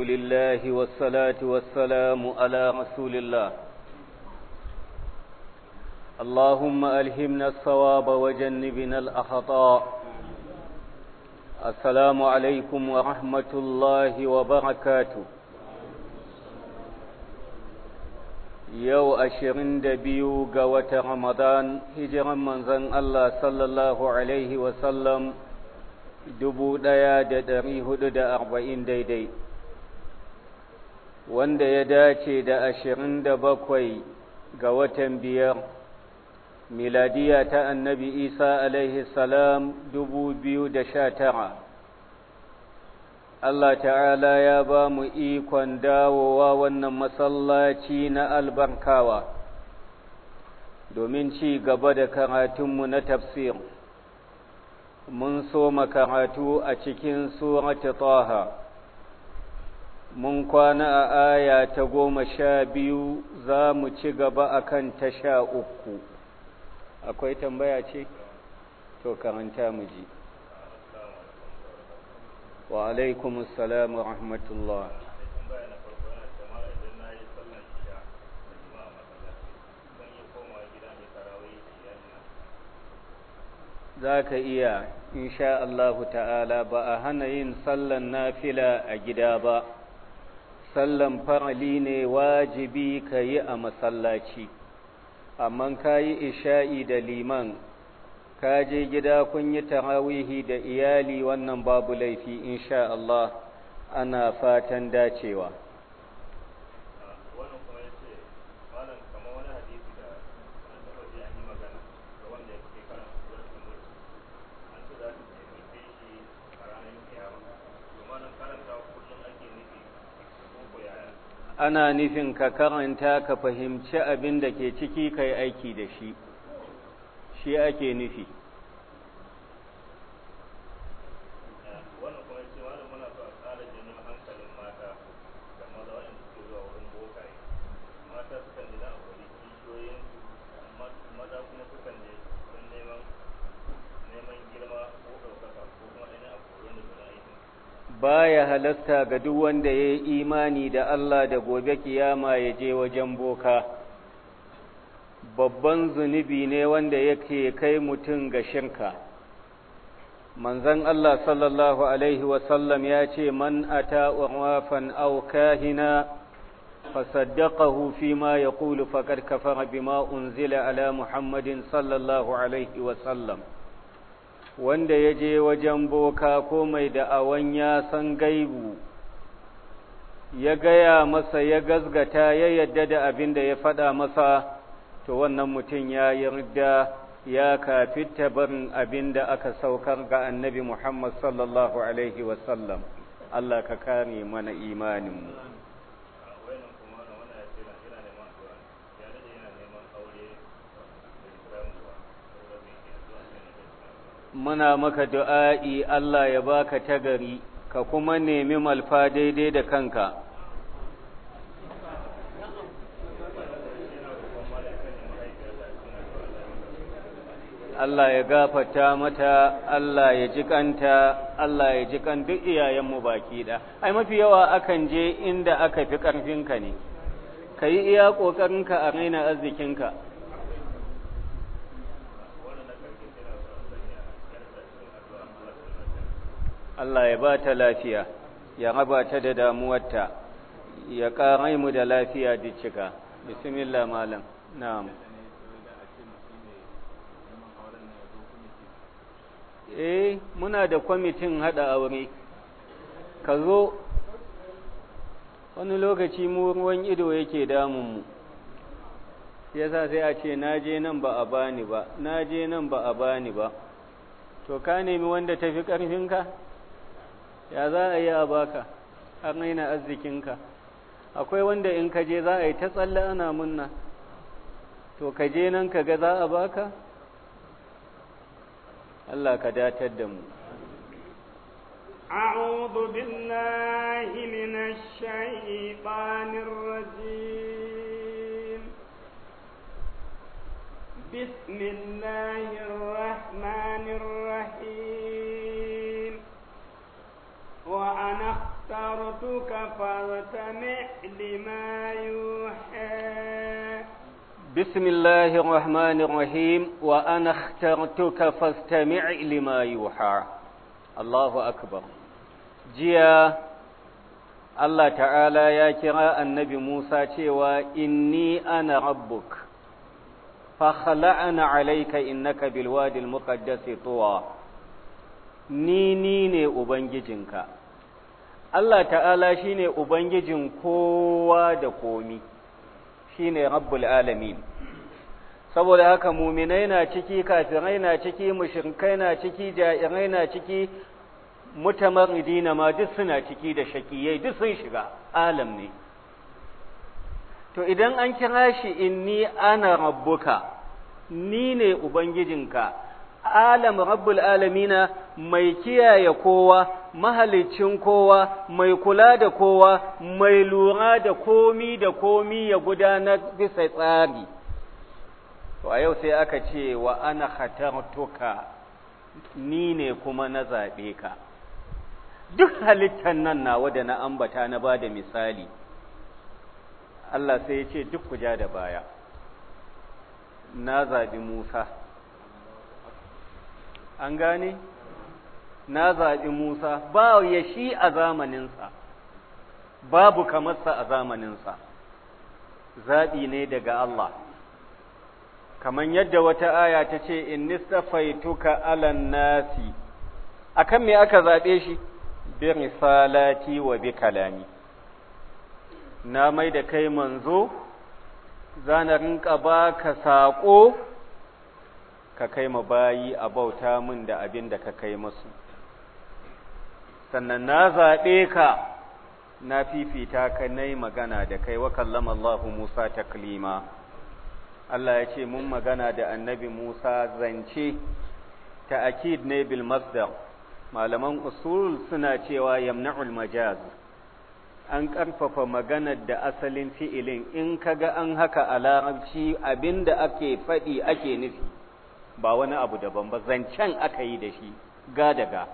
الحمد لله والصلاة والسلام على رسول الله اللهم ألهمنا الصواب وجنبنا الأخطاء السلام عليكم ورحمة الله وبركاته yau ashirin da biyu ga wata ramadan hijiran manzon Allah dubu ɗaya da ɗari hudu da arba'in daidai wanda ya dace da ashirin da bakwai ga watan biyar miladiya ta annabi isa alaihi salam dubu biyu da sha tara Allah ta'ala ya ba mu ikon dawowa wannan masallaci na albarkawa domin ci gaba da karatunmu na tafsir mun so makaratu a cikin suratu taha mun kwana a aya ta goma sha biyu za mu ci gaba a kan ta sha uku akwai tambaya ce to karanta mu ji wa alaikum rahmatullah za ka iya insha Allah ta'ala ba a hana yin sallan nafila a gida ba sallan farali ne wajibi ka yi a masallaci amma ka yi isha'i da liman ka je gida kun yi tarawihi da iyali wannan babu laifi insha Allah ana fatan dacewa ana nufin ka karanta ka fahimci abin da ke ciki ka aiki da shi shi ake nufi halasta ga duk wanda ya yi imani da Allah da gobe kiyama ya je wajen boka babban zunubi ne wanda yake kai mutum ga shirka manzon Allah sallallahu alaihi wasallam ya ce man ata urwafan aw kahina fasaddaqahu fima yaqulu faqad kafara bima unzila ala muhammadin sallallahu alaihi wasallam wanda ya je wajen boka ko mai da'awan ya san gaibu ya gaya masa ya gazgata ya yadda da abin da ya faɗa masa to wannan mutum ya yarda ya kafita barin abin da aka saukar ga annabi Muhammad sallallahu Alaihi wasallam Allah ka kare mana imaninmu. muna maka du'a'i Allah ya baka tagari ka kuma nemi malfa daidai da kanka Allah ya gafata mata Allah ya jikanta Allah ya jikan duk iyayenmu baki da ai mafi yawa akan je inda aka fi ƙarfinka ne ka yi iya ƙoƙarinka a raina arzikinka Allah ya ba ta lafiya ya raba ta da damuwarta ya ƙarai mu da lafiya cika. bismillah malam na'am eh muna da kwamitin haɗa aure ka zo wani lokaci mu ruwan ido yake damunmu yasa sai a ce na je nan ba a bani ba na je nan ba a bani ba to ka nemi wanda tafi ƙarfinka ya za a yi a baka Har aina arzikinka akwai wanda in ka je za a yi ta tsalla ana munna to kaje nan ka ga za a baka Allah ka datar da mu أعوذ بالله من الشيطان الرجيم بسم الله الرحمن الرحيم وأنا اخترتك فاستمع لما يوحى بسم الله الرحمن الرحيم وأنا اخترتك فاستمع لما يوحى الله أكبر جيا Allah ta’ala ya kira annabi Musa cewa, Inni ana rabbuk, fahala ana alaika innaka bilwadil muqaddasi tuwa, ni ni Ubangijinka, Allah ta'ala shine ubangijin kowa da komi shine rabbul alamin saboda haka muminai na ciki kafirai na ciki mushrikai na ciki ja'irai na ciki idina ma duk suna ciki da shakiyai duk sun shiga alam ne to idan an kira shi ni ana rabbuka ni ne ubangijinka alam rabbul alamina mai kiyaye kowa mahalicin kowa mai kula da kowa mai lura da komi da komi ya gudanar bisa tsari to a yau sai aka ce wa ana khatartuka ni ne kuma na zaɓe ka duk halittar nan nawa da na ambata na bada misali Allah sai ya ce duk kuja da baya na zaɓi Musa an gane na zaɓi Musa ba ya shi a zamaninsa babu kamarsa a zamaninsa zaɓi ne daga Allah kamar yadda wata aya ta ce in nista faituka alan nasi a kan me aka zaɓe shi bi risalati wa bi kalami na mai da kai manzo zana ba ka saƙo ka kai ma bayi a bauta min da abin da ka kai masu. sannan na zaɓe ka na fifita ka na magana da kai wa kallama Allah Musa taklima Allah ya ce mun magana da annabi Musa zance ta akid ne bil masdar malaman usul suna cewa yamna'ul majaz an ƙarfafa maganar da asalin fi'ilin in kaga an haka a larabci abinda ake faɗi ake nufi ba wani abu daban ba zancen aka yi da shi ga daga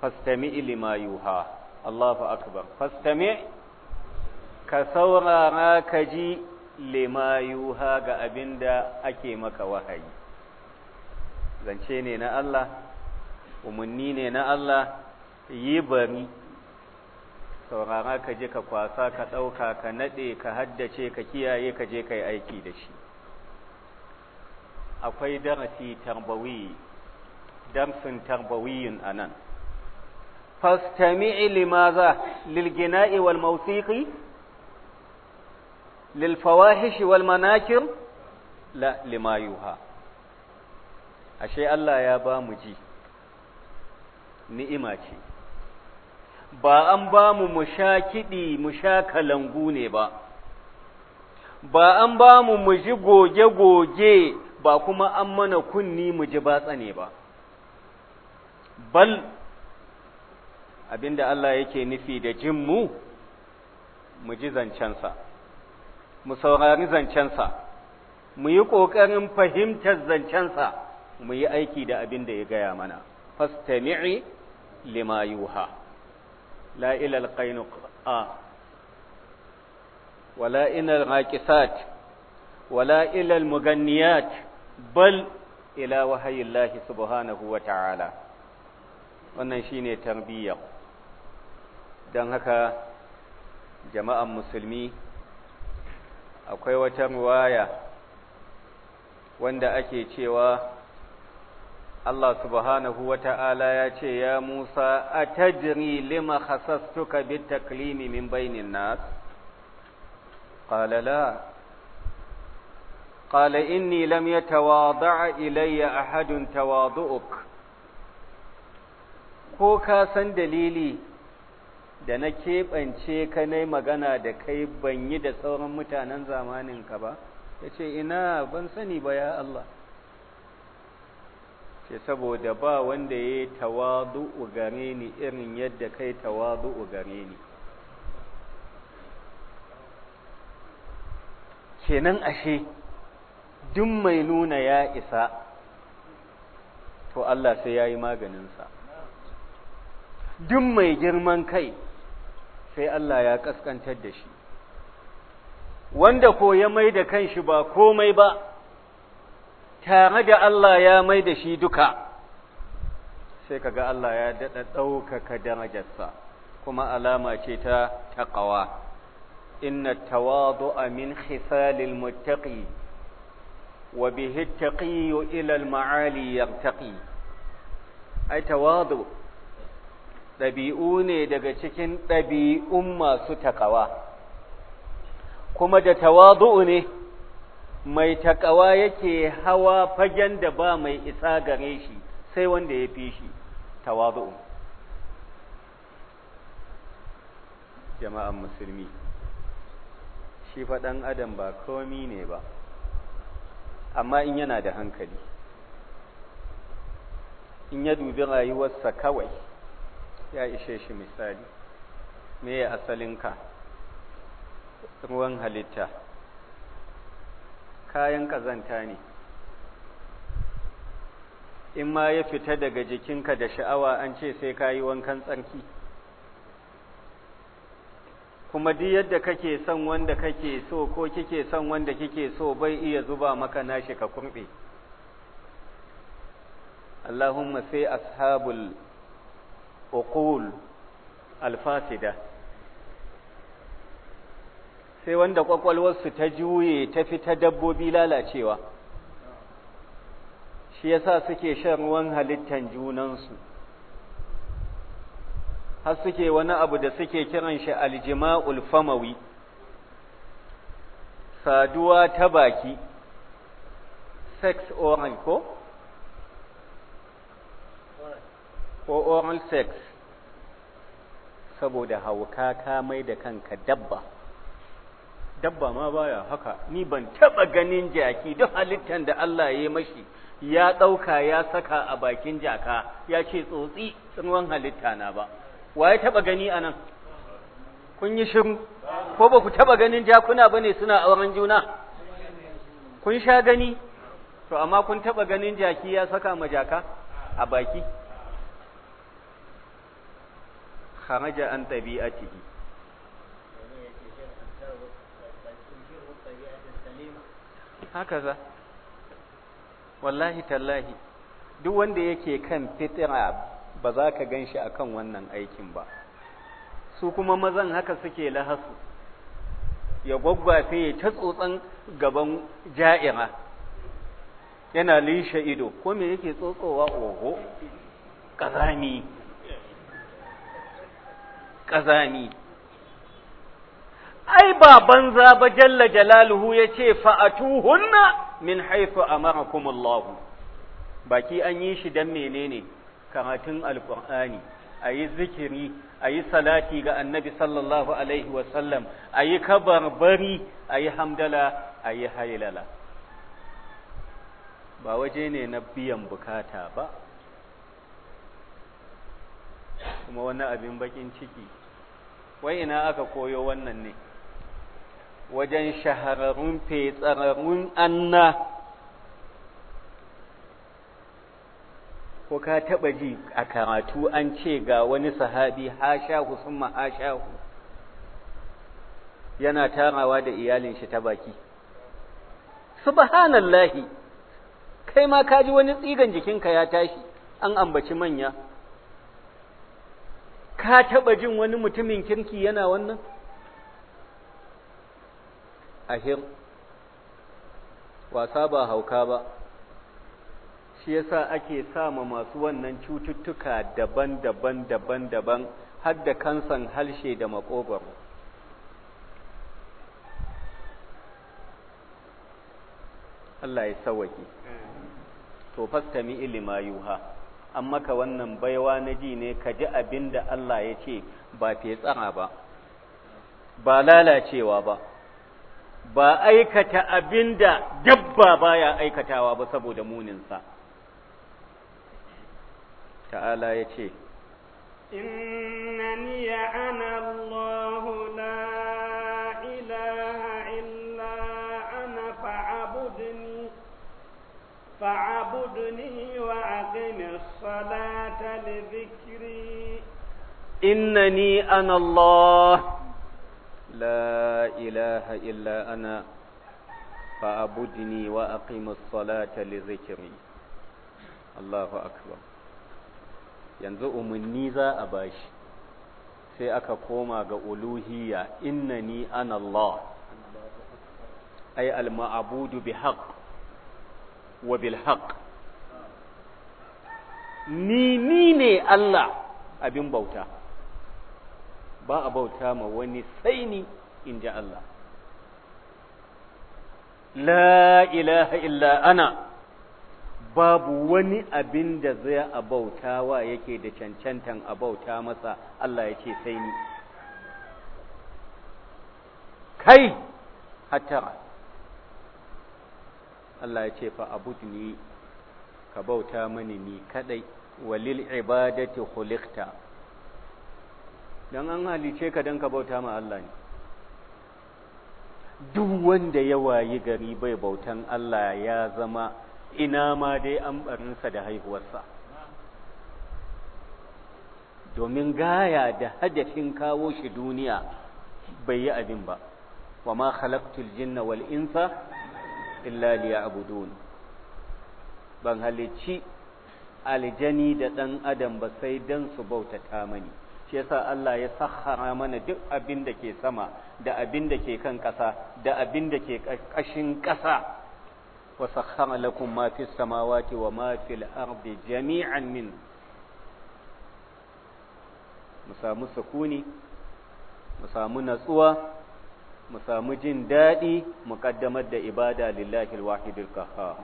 fastami ilima yuha Allahu akbar fastami ka saurara ka ji lima yuha ga abinda ake maka wahayi zance ne na Allah umunni ne na Allah yi bari saurara ka je ka kwasa ka ɗauka ka naɗe ka haddace ka kiyaye ka je ka yi aiki da shi akwai darasi tarbawi damsin tarbawiyin a nan fastami'i limaza lilgina'i wal mawsiqi fawahish wal manakir la limayuha ashe Allah ya ba mu ji ni'ima ce ba an ba mu mu sha kiɗi mu sha kalangu ne ba ba an ba mu mu ji goge-goge ba kuma an mana kunni mu ji batsa ne ba bal abinda Allah yake nufi da jin mu mu ji zancensa mu saurari zancensa mu yi ƙoƙarin fahimtar zancensa mu yi aiki da abinda ya gaya mana fastami'i lima yuha la ilal a wala ilal raqisat wala ilal muganniyat bal ila wahayillahi subhanahu wa ta'ala wannan shine tarbiyya don haka jama'an musulmi akwai wata ruwaya wanda ake cewa Allah subhanahu wa ta'ala ya ce, Ya Musa, a tajiri lima hasastuka bi taklimi min bainin nas? Ƙalala, قال إني لم يتواضع إلي أحد تواضعك ko ka san dalili da na keɓance ka na magana da kai ban yi da sauran mutanen zamaninka ba ya ce ina ban sani ba ya Allah ce saboda ba wanda ya yi tawadu'u gare ni irin yadda kai tawadu'u gare ni kenan ashe duk mai nuna ya isa to Allah sai ya yi maganinsa duk mai girman kai sai Allah ya kaskantar da shi wanda ko ya mai da kanshi ba komai ba tare da Allah ya mai da shi duka sai kaga Allah ya daɗa ɗaukaka darajarsa kuma alama ce ta taƙawa inna tawadu'a min khisalil muttaqi وبه التقي إلى المعالي يرتقي أي تواضع ɗabi'u ne daga cikin ɗabi'un masu taƙawa. kuma da tawazu'u ne mai takawa yake hawa fagen da ba mai isa gare shi sai wanda ya fi shi tawadu'u jama'an musulmi shi faɗan adam ba komi ne ba amma in yana da hankali in ya dubi rayuwarsa kawai ya ishe shi misali me ya ka, ruwan halitta kayan kazanta ne in ma ya fita daga jikinka da sha'awa an ce sai kayi wankan tsarki kuma duk yadda kake son wanda kake so ko kike son wanda kike so bai iya zuba maka nashi ka kurbe Allahumma sai ashabul uqul alfasida sai wanda kwakwalwarsu ta juye ta fita dabbobi lalacewa shi yasa suke shan ruwan halittan junansu har suke wani abu da suke kiran shi aljima'ul famawi saduwa ta baki sex oral ko ko oral sex saboda hauka ka mai da kanka dabba dabba ma baya haka ni ban taba ganin jaki duk halittar da Allah ya mashi ya ɗauka ya saka a bakin jaka ya ce tsotsi ruwan halitta na ba wa ya taɓa gani a nan kun yi shiru ko ba ku taɓa ganin jakuna ba ne suna auren juna kun sha gani to amma kun taɓa ganin jaki ya saka ma jaka a baki Haraja an tabi'atihi haka za wallahi tallahi duk wanda yake kan fitira ba za ka gan shi a kan wannan aikin ba su kuma mazan haka suke lahasu ya gwaggwafe ya ta tsotsan gaban ja'ira yana lishe ido ko me yake tsotsowa oho ƙazami ƙazami ai ba banza ba jalla jalaluhu ya ce fa'atuhunna min haifu a marakumullahu baki an yi shi don menene karatun Alƙur'ani, a yi zikiri a yi salati ga annabi sallallahu alaihi wasallam a yi kabarbari a yi hamdala a yi hailala ba waje ne na biyan bukata ba kuma wani abin bakin ciki wai ina aka koyo wannan ne wajen shahararrun fetsararrun anna ko ka taba ji a karatu an ce ga wani sahabi hashahu summa ku yana tarawa da iyalin shi ta baki subhanallahi kai ma ka ji wani tsigan jikinka ya tashi an ambaci manya ka taba jin wani mutumin kirki yana wannan ahir wasa ba hauka ba shi yasa ake sama masu wannan cututtuka daban-daban daban-daban har da kansan halshe da makogwaro Allah ya sawaki to fastami ilima yuha an maka wannan baiwa na ji ne ka ji abinda Allah ya ce ba tsara ba ba lalacewa ba ba aikata abinda da dabba baya aikatawa ba saboda muninsa ta'ala ya ce innani ana Allah, la ilaha illa ana fa'abudni fa'abudni wa aqimis salata li dhikri innani ana Allah la ilaha illa ana fa'abudni wa aqimis salata li dhikri Allahu akbar yanzu umarni za a bashi sai aka koma ga uluhiyya ni ana Allah ay al-ma'budu bi haqq wa bil haqq ni ni ne Allah abin bauta ba a bauta ma wani sai ni ji Allah la ilaha illa ana babu wani abin da zai wa yake da cancantan abauta masa Allah ya ce sai ni kai hatta Allah ya ce fa abudni ka bauta mani ni kadai walil ibadati khuliqta dan an halice ka dan ka bauta ma Allah ne duk wanda ya wayi gari bai bautan Allah ya zama ina ma dai an barinsa da haihuwarsa domin gaya da hadafin kawo shi duniya bai yi abin ba wa ma khalaqtul jinna wal insa illa liya'budun ban halicci aljani da ɗan adam ba sai dan su bautata mani shi yasa Allah ya sahara mana duk abin da ke sama da abin da ke kan ƙasa da abin da ke ƙashin ƙasa وسخر لكم ما في السماوات وما في الأرض جميعا منه مسامو سكوني مسامو نسوة مسامو جندادي مقدمة دا إبادة لله الواحد القهار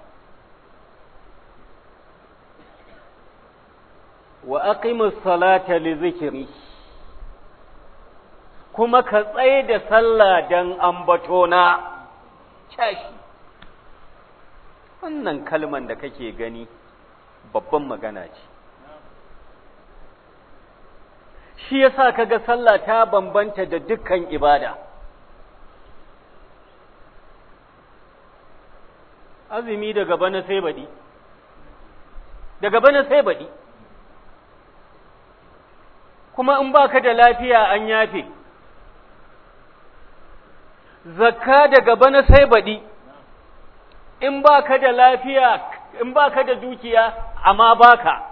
وأقم الصلاة لذكري kuma ka tsaye da sallah don wannan kalman da kake gani babban magana ce shi yasa kaga sallah ta bambanta da dukkan ibada azumi daga bana sai baɗi daga bana sai baɗi kuma in baka da lafiya an yafe zakka daga bana sai baɗi in ka da lafiya in baka da dukiya amma baka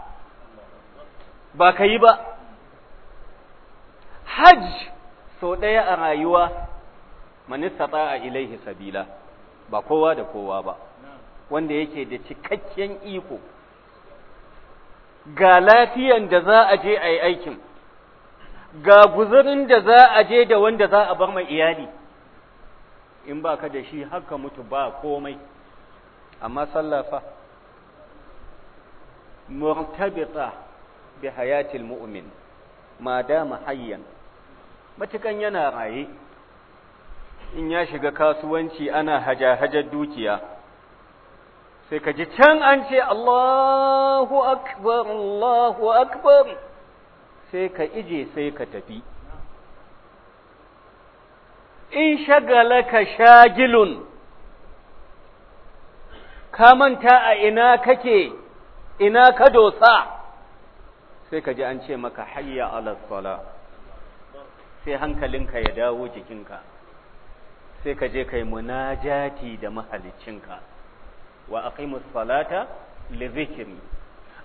ba ka yi ba hajj sau ɗaya a rayuwa manistata a ilaihi sabila ba kowa da kowa ba wanda yake da cikakken iko ga lafiyan da za a je a yi aikin ga guzurin da za a je da wanda za a bar mai iyali in ba ka da shi haka mutu ba komai amma sallafa murtabiɗa murtabita bi hayatil mu'min ma dama hayyan matukan yana raye in ya shiga kasuwanci ana haja haja dukiya sai ka ji can an ce Allahu akbar Allahu akbar sai ka ije sai ka tafi in shagala shagalaka shagilun ka manta a ina kake ina ka dosa sai ka ji an ce maka hayya ala sala sai hankalinka ya dawo jikinka sai ka je kai munajati da mahalicinka wa aqimus salata li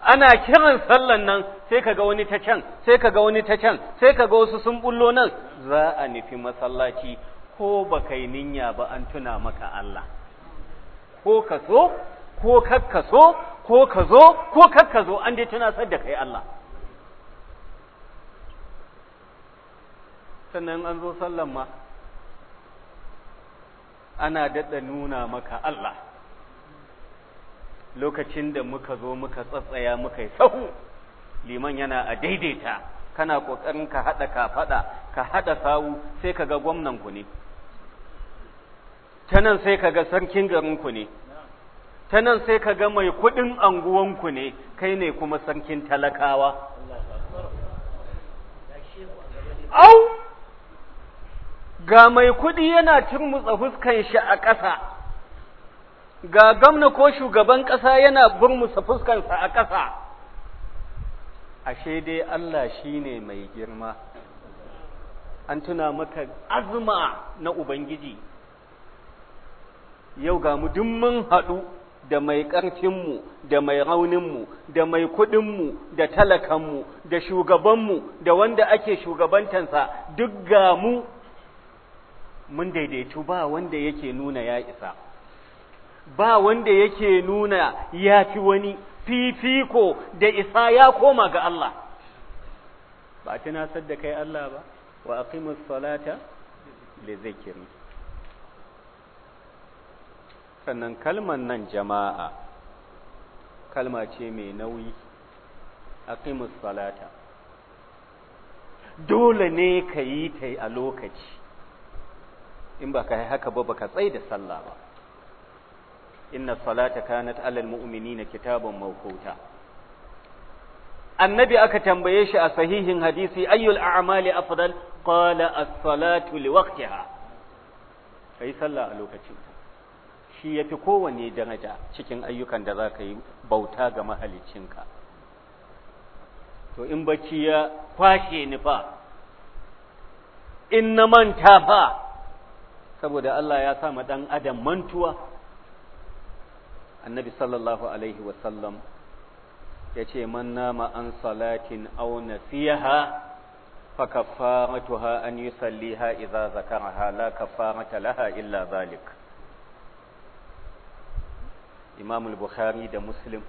ana kiran sallan nan sai kaga wani ta can sai kaga wani ta can sai kaga wasu sun bullo nan za a nufi masallaci ko ba yi ninya ba an tuna maka Allah ko ka so ko kakka so ko ka zo ko kakka zo an dai tunasar da kai Allah sannan an zo sallan ma ana daɗa nuna maka Allah lokacin da muka zo muka tsatsaya muka yi sahu liman yana a daidaita kana ƙoƙarin ka haɗa ka faɗa ka haɗa sawu sai ka ga gwamnan ku ne ta nan sai kaga sarkin garinku ne ta nan sai kaga mai kuɗin anguwanku ne kai ne kuma sarkin talakawa au ga mai kudi yana turmutsa fuskan shi a ƙasa ga gamna ko shugaban ƙasa yana burmutsa fuskansa a ƙasa ashe dai Allah shine mai girma an tuna maka azuma na Ubangiji yau ga mu duk mun haɗu da mai ƙarfinmu da mai rauninmu da mai kuɗinmu da talakanmu da shugabanmu da wanda ake shugabantansa duk ga mu mun daidaitu ba wanda yake nuna ya isa ba wanda yake nuna ya fi wani fifiko da isa ya koma ga Allah ba tunasar da kai Allah ba wa aqimus salata li zikri sannan kalmar nan jama'a kalma ce mai nauyi aqimus salata dole ne ka yi ta a lokaci in ba ka yi haka ba baka tsai da sallah ba inna salata kanat alal mu'minina kitaban mawquta annabi aka tambaye shi a sahihin hadisi ayyul a'mali afdal qala as-salatu liwaqtiha kai sallah a lokacin shi ya fi kowanne daraja cikin ayyukan da za ka yi bauta ga mahaliccinka to in bacci ya kwashe ni fa in na manta fa saboda Allah ya sa ma dan adam mantuwa annabi sallallahu alaihi wasallam ya ce man nama an salatin aw nasiyaha fa kaffaratuha an yusalliha idza zakaraha la kaffarata laha illa zalik imam bukhari da muslim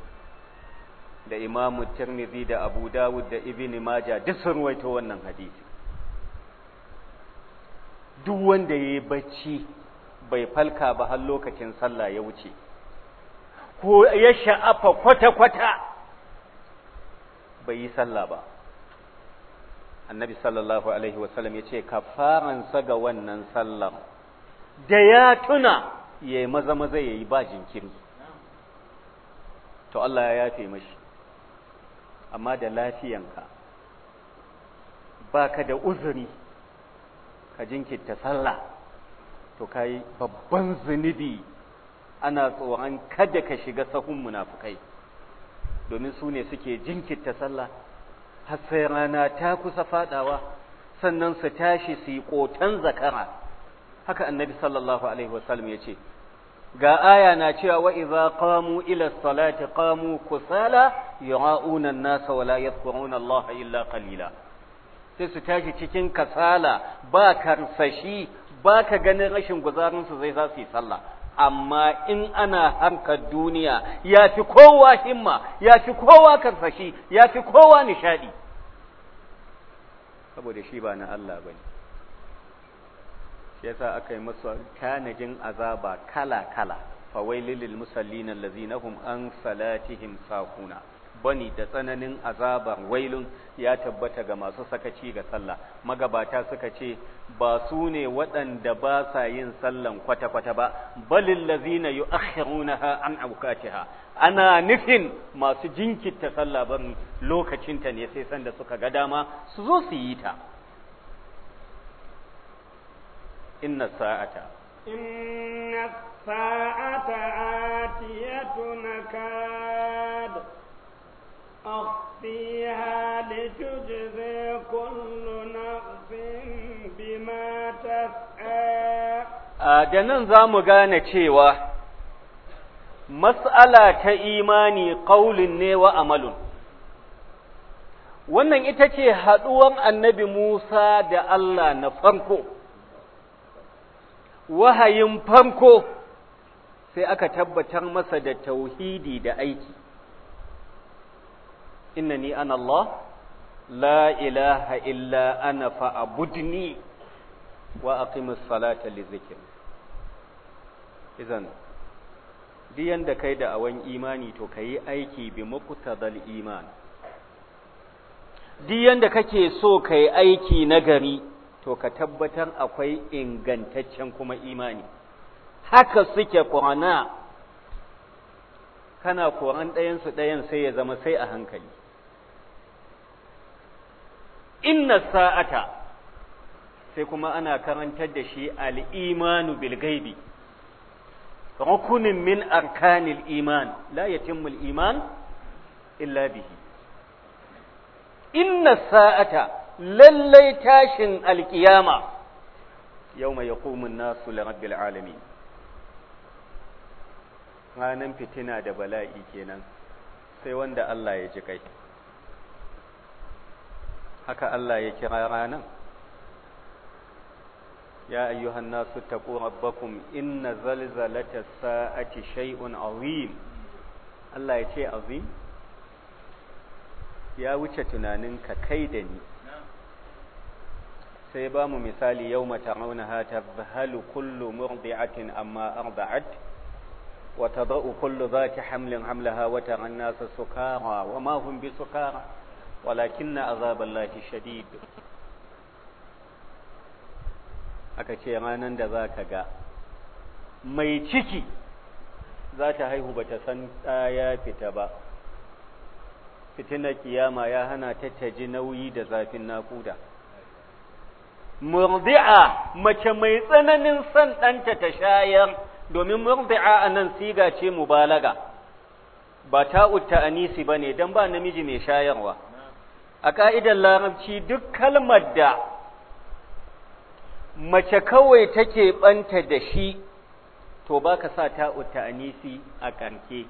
da imam tirmidhi da abu dawud da ibn maja duk sun ruwaito wannan hadisi duk wanda ya yi bacci bai falka ba har lokacin sallah ya wuce ko ya sha'afa kwata-kwata bai yi sallah ba annabi sallallahu alaihi wasallam ya ce kafaransa ga wannan sallah da ya tuna ya yi maza-maza ya yi ba jinkiri to Allah ya yafe mashi amma da lafiyanka baka da uzuri ka jinkirta sallah to kai babban zunubi ana tsoron kada ka shiga sahun munafukai domin su ne suke jinkirta sallah har sai rana ta kusa fadawa sannan su tashi su yi kotan zakara haka annabi sallallahu alaihi wasallam ya ce ga aya na cewa wa'iza idza qamu ila salati qamu kusala yura'una an-nasa wala yadhkuruna Allah illa qalila sai su tashi cikin kasala ba karsashi ba ka ganin rashin guzarin su zai za su yi sallah amma in ana harkar duniya ya fi kowa himma ya fi kowa karsashi ya fi kowa nishadi saboda shi ba na Allah bane shi yasa aka yi masa tanajin azaba kala kala fawailil lil musallin allazina hum an salatihim sakuna bani da tsananin azaba wailun ya tabbata ga masu sakaci ga sallah magabata suka ce ba su ne waɗanda ba sa yin sallan kwata-kwata ba balil lazina yu'akhirunaha an awqatiha ana nufin masu jinkita sallah ban lokacinta ne sai sanda suka ga dama su zo su yi ta inna sa'ata inna sa'ata atiyatun kad أخفيها لتجزي كل نفس بما تسعى da nan za mu gane cewa mas'ala ta imani ƙaulin ne wa amalun wannan ita ce haɗuwan annabi Musa da Allah na farko wahayin farko sai aka tabbatar masa da tauhidi da aiki innani ana Allah la ilaha illa ana fa’abudni wa aqimus salata li zikri idan diyan da kai da awan imani to kai aiki bi muqtadal iman diyan da kake so kai aiki nagari to ka tabbatar akwai ingantaccen kuma imani haka suke kwana kana koran ɗayansu ɗayan sai ya zama sai a hankali inna sa'ata sai kuma ana karantar da shi al'imanu bilgaibi rukunin min arkanil iman la yatimmul iman illa bihi inna sa'ata lallai tashin alkiyama Yau yaqumun nasu li rabbil alamin ranan fitina da bala'i kenan sai wanda Allah ya ji kai haka Allah ya kira ranan ya ayyuhan nasu taqu rabbakum inna zalzalatas sa'ati shay'un azim Allah ya ce azim ya wuce tunaninka kai da ni sai ba mu misali yau mata raunaha ta bahalu kullu murdi'atin amma arba'at wa tadau kullu zati hamlin hamlaha wa tara an sukara wa ma hum bi sukara walakinna azaballahi shadid aka ce ranan da zaka ga mai ciki za ta haihu ba ta san ya fita ba fitina kiyama ya hana ta taji nauyi da zafin naƙuda murdi'a mace mai tsananin son ɗanta ta shayar domin murdi'a a nan siga ce mubalaga ba ta'ud ta'anisi ba ne don ba namiji mai shayarwa a ƙa'idar larabci duk kalmar da mace kawai take ɓanta da shi to ba ka sa utta anisi a ƙarke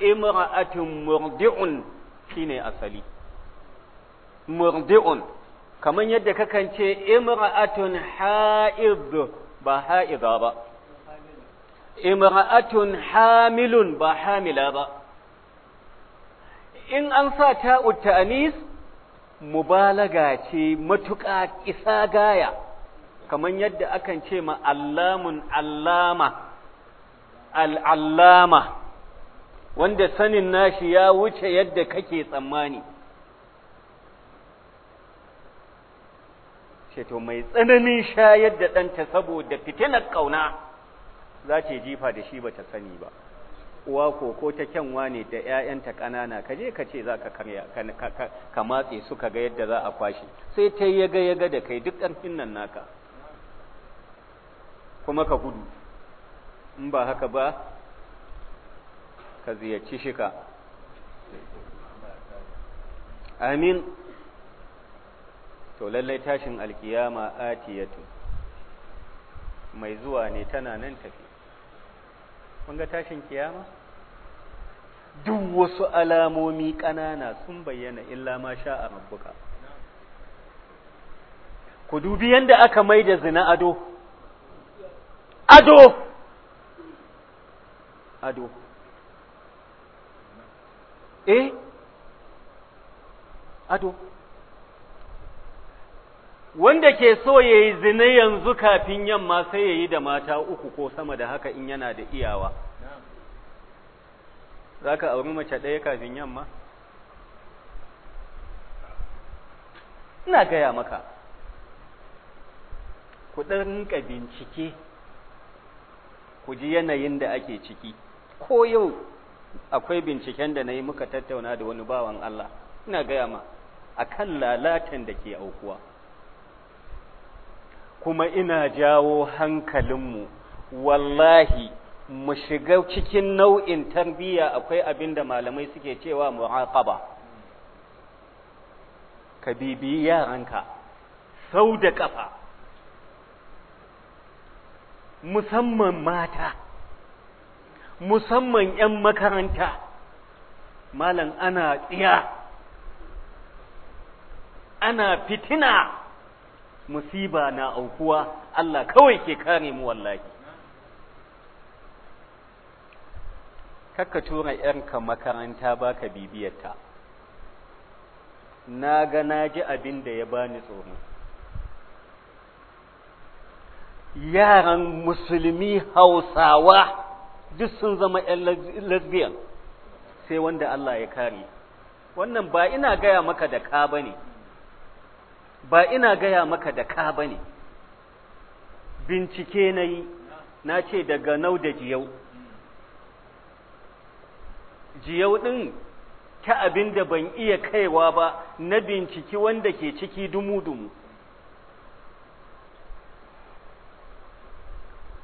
imra'atun murdi'un shine asali murdi'un kamar yadda kakan ce imra'atun ha'id ba ha'ida ba imra'atun hamilun ba hamila ba in an sa ta'utanis ta'anis mubalaga ce matuƙa isa gaya kamar yadda akan ce ma allamun allama al'allama wanda sanin nashi ya wuce yadda kake tsammani ce to mai tsananin shayar da ɗanta saboda fitinar ƙauna za ce jifa da shi bata sani ba uwa ko ko ta kyanwa ne da ƴaƴanta ƙanana ka je ka ce za ka karya ka matse su ka ga yadda za a kwashe sai ta yaga yaga da kai duk ƙarfin nan naka kuma ka gudu in ba haka ba ka ziyarci shika amin to lallai tashin alkiyama atiyatu mai zuwa ne tana nan tafi kun ga tashin kiyama duk wasu alamomi ƙanana sun bayyana illa ma sha a rabbuka ku dubi yadda aka mai da zina ado ado ado eh ado wanda ke so ya yi zina yanzu kafin yamma sai ya yi da mata uku ko sama da haka in yana da iyawa za ka auri mace ɗaya kafin yamma ina gaya maka ku ɗanka bincike ku ji yanayin da ake ciki ko yau akwai binciken da na yi muka tattauna da wani bawan Allah ina gaya ma a kan lalatan da ke aukuwa kuma ina jawo hankalinmu wallahi mu shiga cikin nau'in tarbiyya akwai abin da malamai suke cewa muhaqaba ka bibiyi yaranka sau da ƙafa musamman mata musamman 'yan makaranta malam ana tsiya ana fitina musiba na aukuwa Allah kawai ke kare mu wallahi kakka tura ‘yarka makaranta baka ka bibiyarta na ga na ji abin da ya bani tsoro yaran musulmi hausawa duk sun zama ‘yan lesbian sai wanda Allah ya kare wannan ba ina gaya maka da ka ba ba ina gaya maka da ka ba ne bincike na yi na ce daga nau da jiyau jiyau ɗin ta abin da ban iya kaiwa ba na binciki wanda ke ciki dumu-dumu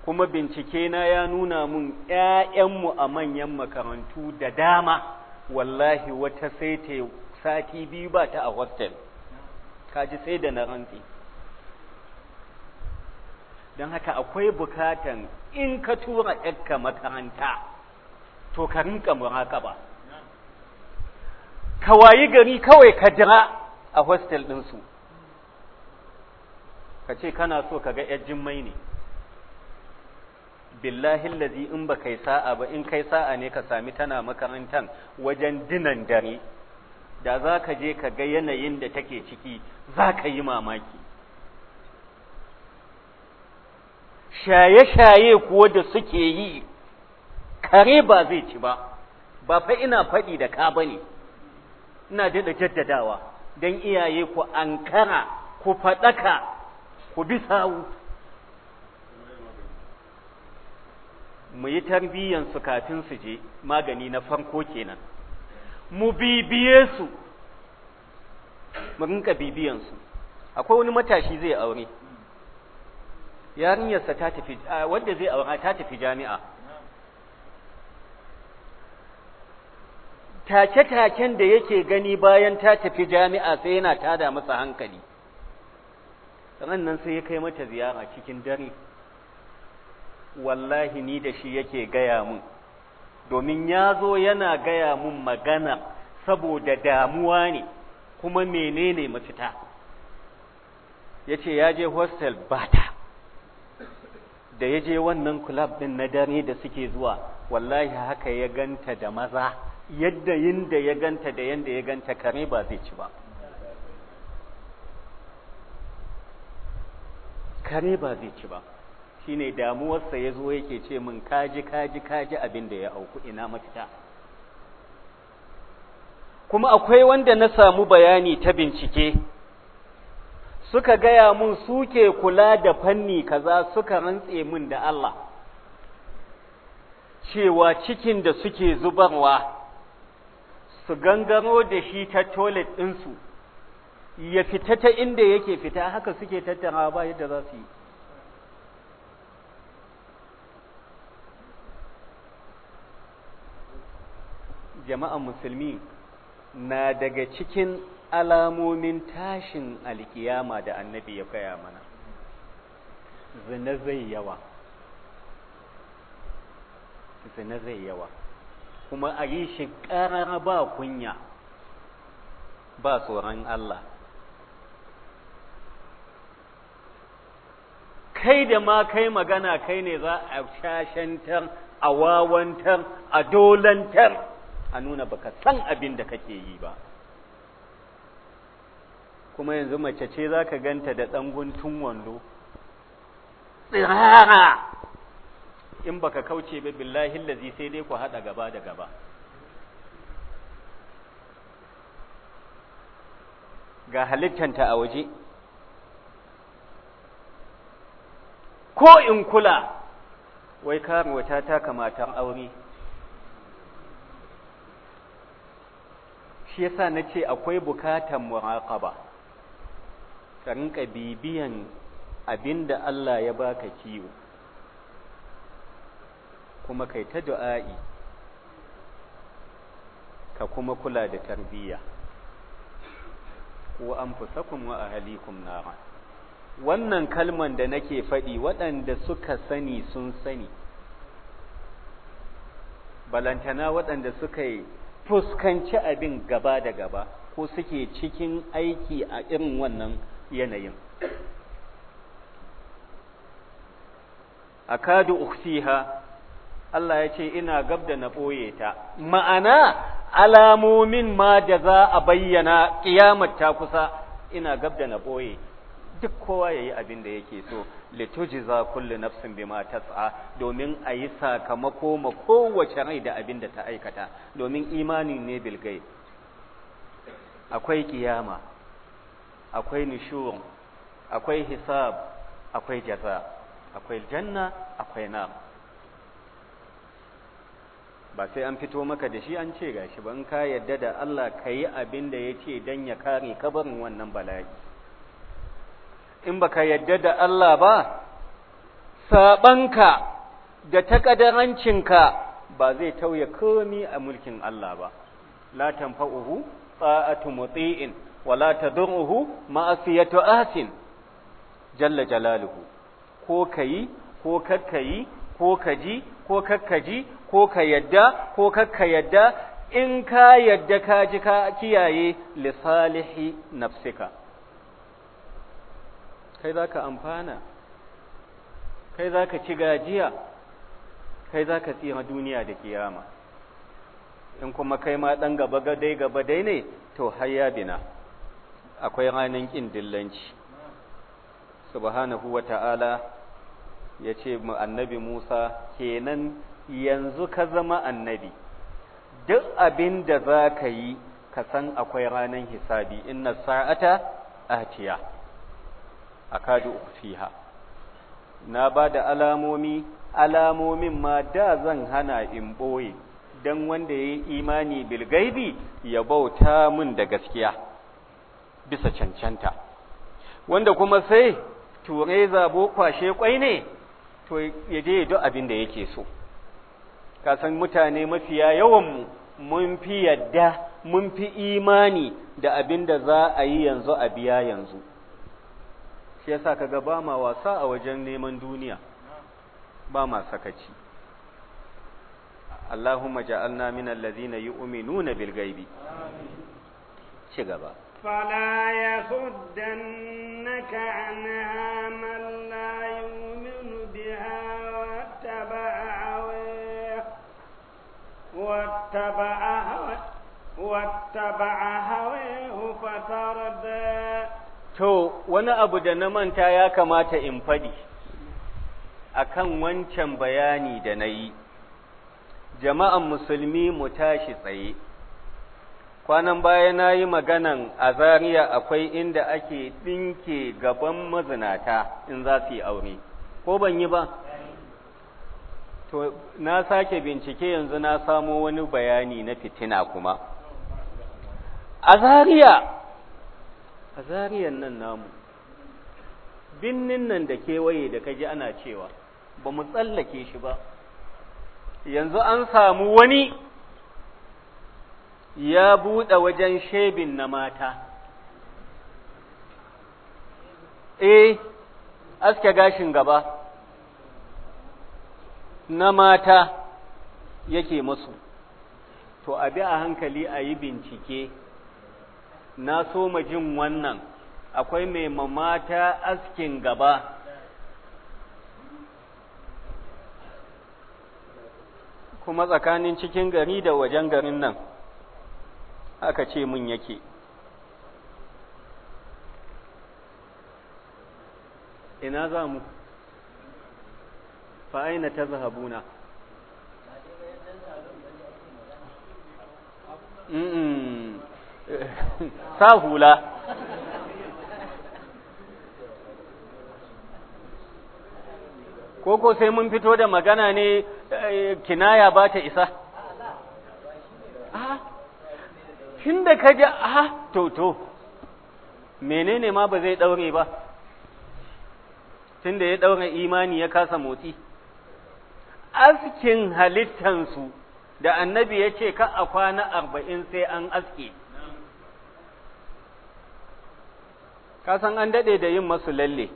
kuma bincike na ya nuna mun ‘ya'yanmu a manyan makarantu da dama wallahi wata sai ta sati biyu ba ta a hostel. kaji sai da na rantsi don haka akwai bukatan in ka tura ɗarka makaranta to ka rinka muraƙaba ka wayi gari kawai ka jira a hostel ɗinsu ka ce kana so ka ga ƴar mai ne billahi lazi in ba kai sa'a ba in kai sa'a ne ka sami tana makarantan wajen dinan dare da za ka je ka ga yanayin da take ciki za ka yi mamaki shaye-shaye kuwa da suke yi kare ba zai ci ba ba fa ina faɗi da ka ba ne ina daɗa jaddadawa don iyaye ku ankara ku faɗaka ku bi sawu mu yi tarbiyyansu kafin su je magani na farko kenan mu bibiye su mu rinka bibiyan su akwai wani matashi zai aure yarinyarsa ta tafi wanda zai aura ta tafi jami'a take-taken da yake gani bayan ta tafi jami'a sai yana tada masa hankali nan sai ya kai mata ziyara cikin dare wallahi ni da shi yake gaya mun domin ya zo yana gaya mun magana saboda damuwa ne kuma menene mafita ya ce ya je hostel bata da ya je wannan club din na dare da suke zuwa wallahi haka ya ganta da maza yadda yinda ya ganta da yanda ya ganta kare ba zai ci ba kare ba zai ci ba shine damuwarsa ya zo yake ce min kaji kaji kaji abin da ya auku ina mafita kuma akwai wanda na samu bayani ta bincike suka gaya mun suke kula da fanni kaza suka rantse min da Allah cewa cikin da suke zubarwa su gangaro da shi ta toilet ɗinsu ya fita ta inda yake fita haka suke tattara ba yadda za su yi jama'an musulmi na daga cikin alamomin tashin alkiyama da annabi ya kaya mana zina zai yawa zina zai yawa kuma a yi shi ƙarara ba kunya ba tsoron Allah kai da ma kai magana kai ne za a shashantar a wawantar a dolantar a nuna baka san abin da kake yi ba kuma yanzu mace ce za ka ganta da ɗan guntun wando tsirara in baka kauce ba billahi lazi sai dai ku haɗa gaba da gaba ga halittanta a waje ko in kula wai wata ta taka matar aure shi yasa na ce akwai bukatan muraqaba ka rinka bibiyan abinda Allah ya baka kiwo kuma kai ta du'a'i ka kuma kula da tarbiyya Ko an fusa kuma a halikun nara wannan kalman da nake faɗi waɗanda suka sani sun sani balantana waɗanda suka yi fuskanci abin gaba da gaba ko suke cikin aiki a irin wannan yanayin A Kadu uksiha Allah ya ce ina gab da na ɓoye ta ma'ana alamomin ma da za a bayyana ƙiyamar ta kusa ina gab da na ɓoye duk kowa yi abin da yake so za kulle nafsin bima tsa domin a yi sakamako ma kowace rai da abin da ta aikata domin imani ne Bilgai. akwai kiyama akwai nushur akwai hisab akwai jaza akwai janna akwai na ba sai an fito maka da shi an ce gashi ba in ka yadda da Allah ka yi abin da ya ce don ya kare kabarin wannan bala'i in baka yadda da Allah ba saɓanka da takadarancinka ba zai tauye komi a mulkin Allah ba la tanfa'uhu ta'atu muti'in wa la tadurruhu ma'asiyatu asin jalla jalaluhu ko kayi ko kakkayi ko kaji ko kakkaji ko ka yadda ko kakka yadda in ka yadda ka ji ka kiyaye li salihi nafsika kai za ka amfana kai za ka ci gajiya kai za ka tsira duniya da kiyama in kuma kai ma ɗan gaba dai gaba dai ne to hayya bina akwai ranar ƙin dillanci subhanahu wa ta'ala ya ce mu annabi musa kenan yanzu ka zama annabi duk abin da za ka yi ka san akwai ranar hisabi inna sa'ata tiya akadu siha na ba da alamomi alamomin ma da zan hana in boye dan wanda yayi imani bil ya bauta mun da gaskiya bisa cancanta wanda kuma sai ture zabo kwashe kwai ne to ya je duk abin da yake so ka san mutane mafiya yawan mu mun fi yadda mun fi imani da abin da za a yi yanzu a biya yanzu shi ka ga ba ma wasa a wajen neman duniya ba ma sakaci Allahumma ja'alna minal ladhina yu'minuna bil ghaibi ci gaba فلا يصدنك عنها واتبع هواه فتردى To, wani abu da na manta ya kamata in faɗi a kan wancan bayani da na yi, jama'an musulmi mu tashi tsaye. Kwanan baya na yi maganan a zariya akwai inda ake ɗinke gaban mazinata in za su yi aure, ko ban yi ba? To, na sake bincike yanzu na samo wani bayani na fitina kuma. A zariya a zariyan nan namu binnin nan da kewaye da kaji ana cewa ba mu tsallake shi ba yanzu an samu wani ya buɗe wajen shebin na mata eh aske gashin gaba na mata yake musu to abi a hankali a yi bincike na so ma jin wannan akwai mai mamata askin gaba kuma tsakanin cikin gari da wajen garin nan aka ce mun yake ina za mu fa'aina ta zahabuna mm Eh, sa hula koko sai mun fito da magana ne eh, kinaya ba ta isa ah, shin da ka ji aha toto menene ma ba zai daure ba tun da ya daure imani ya kasa motsi askin halittansu da annabi ya ce ka a kwana arba'in sai an aske kasan an daɗe da yin masu lalle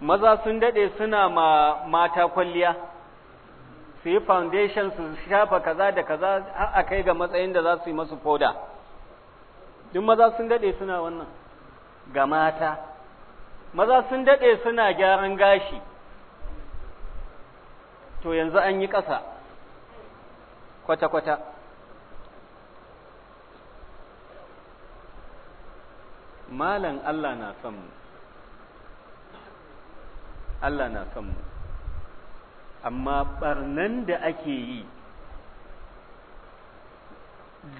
maza sun daɗe suna ma mata kwalliya su yi foundation su shafa kaza da kaza har a kai ga matsayin da za su yi masu foda duk maza sun daɗe suna wannan ga mata maza sun daɗe suna gyaran gashi to yanzu an yi ƙasa kwata-kwata malan Allah na son mu Allah na son mu amma barnan da ake yi